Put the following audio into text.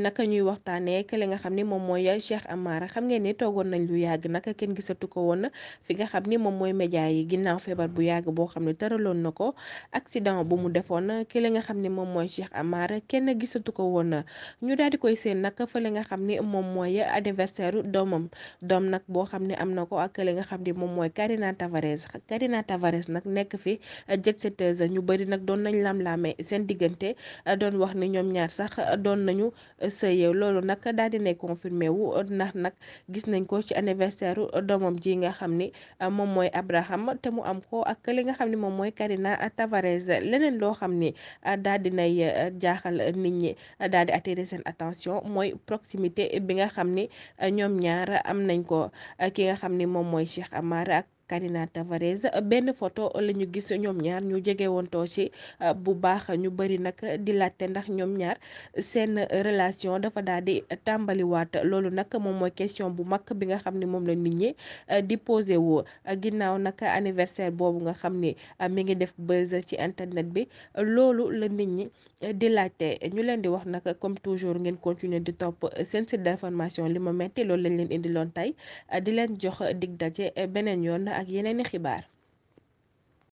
naka ñuy waxtaanee li nga xam ni moom mooy Cheikh Amara xam ngeen ni toogoon nañ lu yàgg nag kenn gisatu ko woon fi nga xam ni moom mooy média yi ginnaaw feebar bu yàgg boo xam ne tëraloon na ko accident bu mu defoon ki li nga xam ni moom mooy Cheikh Amara kenn gisatu ko woon ñu daal di koy seen nag fa li nga xam ni moom mooy anniversaire doomam doom nag boo xam ne am na ko ak li nga xam ni moom mooy Karina Tavares Karina Tavares nag nekk fi jet setteuse ñu bëri nag doon nañ lam-laame seen diggante doon wax ni ñoom ñaar sax doon nañu sëy loolu nag daal dinay confirmé wu ndax nag gis nañ ko ci anniversaire doomam ji nga xam ni moom mooy Abraham te mu am ko ak li nga xam ni moom mooy Karina Tavares leneen loo xam ni daal dinay jaaxal nit ñi daal di attirer seen attention mooy proximité bi nga xam ni ñoom ñaar am nañ ko ki nga xam ni moom mooy Cheikh Amar Karina Tavares benn photo la ñu gis ñoom ñaar ñu jege woon too ci ah, bu baax ñu bëri nag di laajte ndax ñoom ñaar seen relation dafa daal di tàmbaliwaat loolu nag moom mooy question bu mag bi nga xam ni moom la nit ñi ah, di posé woo ginnaaw nag anniversaire boobu nga xam ni ah, mi ngi def buzz ci internet bi loolu la nit ñi di laajte ñu leen di wax nag comme toujours ngeen continuer di topp seen site d'information Limametti loolu lañ leen indi loon tey di leen jox dig daje beneen yoon. ak yeneeni xibaar